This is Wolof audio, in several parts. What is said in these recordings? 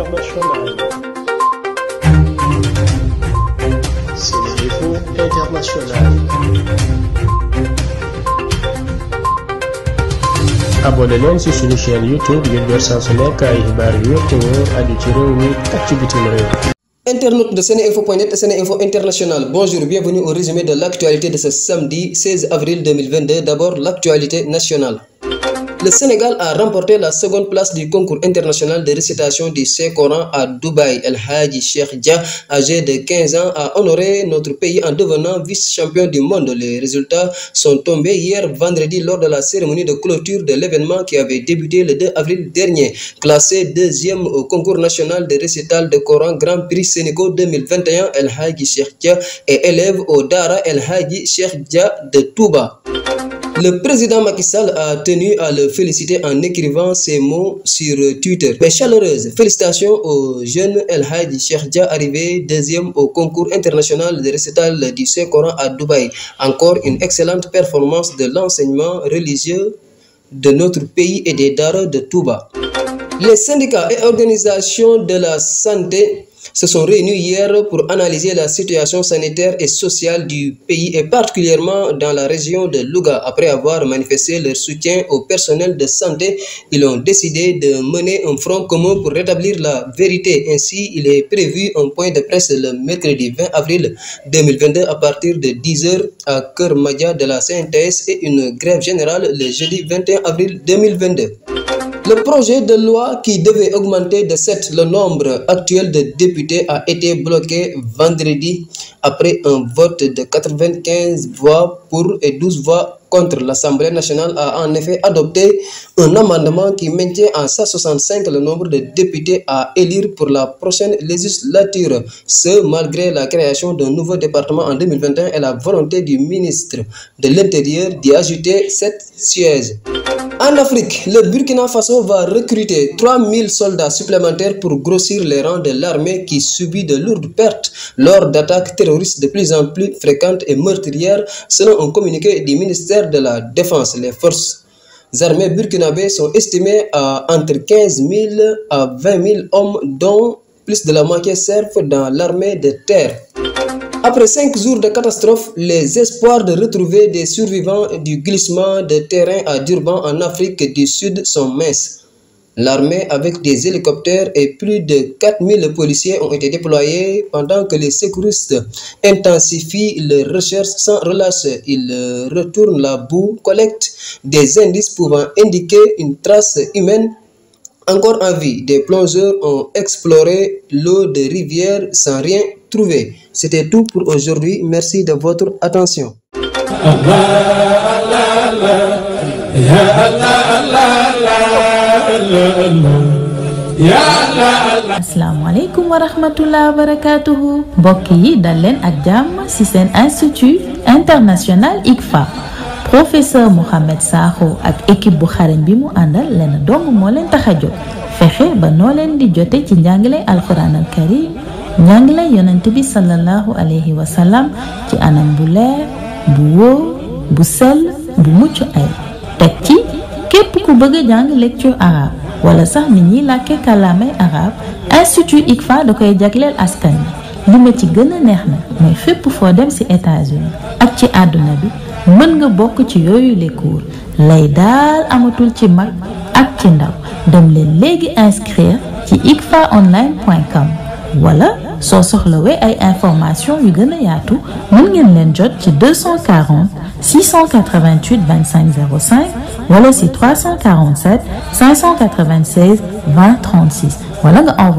internationale. Sénéinfo International. abonné leen ci suñu chaîne YouTube ngir jot saa su nekk ay te wóor aju ci réew mi ak ci bitim réew. Internautes de Sénéinfo.net et Sénéinfo International, bonjour, bienvenue au résumé de l'actualité de ce samedi 16 avril D'abord, l'actualité nationale. Le Sénégal a remporté la seconde place du concours international de récitation du Saint-Coran à Dubaï. El Hadji Cheikh Dia, âgé de ans, à honoré notre pays en devenant vice-champion du monde. Les résultats sont tombés hier vendredi lors de la cérémonie de clôture de l'événement qui avait débuté le 2 avril dernier. Classé deuxième au concours national de récital de Coran Grand Prix Sénégal 2021, El Hadji Cheikh Dia est élève au Dara El Hadji Cheikh Dia de Touba. Le président Macky Sall a tenu à le féliciter en écrivant ces mots sur Twitter. Mes chaleureuses félicitations au jeune El Hadji Cheikh Dia arrivé deuxième au concours international de récital du Saint-Coran à Dubaï. Encore une excellente performance de l'enseignement religieux de notre pays et des daras de Touba. Les syndicats et organisations de la santé se sont réunis pour analyser la situation sanitaire et sociale du pays et particulièrement la région de Louga. Après avoir manifesté leur soutien au personnel de santé, ils ont décidé de mener un front pour rétablir la vérité. Ainsi, il est prévu un point de presse le mercredi 20 avril 2022 à partir de 10h à Kermadia de la CNTS et une grève générale le jeudi 21 avril 2022. Le projet de loi qui devait augmenter de 7 le nombre actuel de députés a été bloqué vendredi après un vote de 95 voix pour et 12 voix contre. L'Assemblée nationale a en effet adopté un amendement qui maintient à 165 le nombre de députés à élire pour la prochaine législature, ce malgré la création d'un nouveau département en 2021 et la volonté du ministre de l'Intérieur d'y ajouter 7 sièges. En Afrique, le Burkina Faso va recruter 3000 soldats supplémentaires pour grossir les rangs de l'armée qui subit de lourdes pertes lors d'attaques terroristes de plus en plus fréquentes et meurtrières, selon un communiqué du ministère de la Défense. Les forces armées burkinabées sont estimées à entre 15 000 à 20 000 hommes, dont plus de la moitié servent dans l'armée de terre. Après cinq jours de catastrophe, les espoirs de retrouver des survivants du glissement de terrain à Durban en Afrique du Sud sont minces. L'armée avec des hélicoptères et plus de 4000 policiers ont été déployés pendant que les secouristes intensifient leurs recherches sans relace Ils retournent la boue, collectent des indices pouvant indiquer une trace humaine encore en vie. Des plongeurs ont exploré l'eau de rivières sans rien trouvé. C'était tout pour aujourd'hui. Merci de votre attention. asalaamaaleykum wa rahmatullah wa barakaatuhu mbokk yi dal leen ak jàmm ci seen institut international ICFA professeur Mouhamed Sakho ak équipe bu xarañ bi mu àndal leen dong moo leen tax a jóg fexe ba noo leen di jote ci njàngale alquran al karim njàngale yonent bi sallallahu alayhi wa sallam ci anam bu leer bu wóor bu sell bu mucc ay teg ci képp ku bëgg a jàng lecture arabe wala sax nit ñiy làkke kàllaamay arabe institut ICFA da koy jagleel askan bi li ma ci gën a neex na mooy fépp foo dem ci états ak ci àdduna bi mën nga bokk ci yooyu les lay daal amatul ci mag ak ci ndaw dem leen léegi inscrire ci icfaonline.com wala soo soxlawee ay information yu gën a yaatu mën jot ci 240 688 25 wala si 347 596 20 36 wala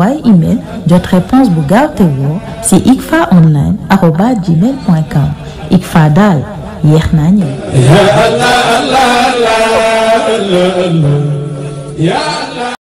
jot réponse bu gaaw te woo si ikfa online arobas gmail com ikfa daal yéex naa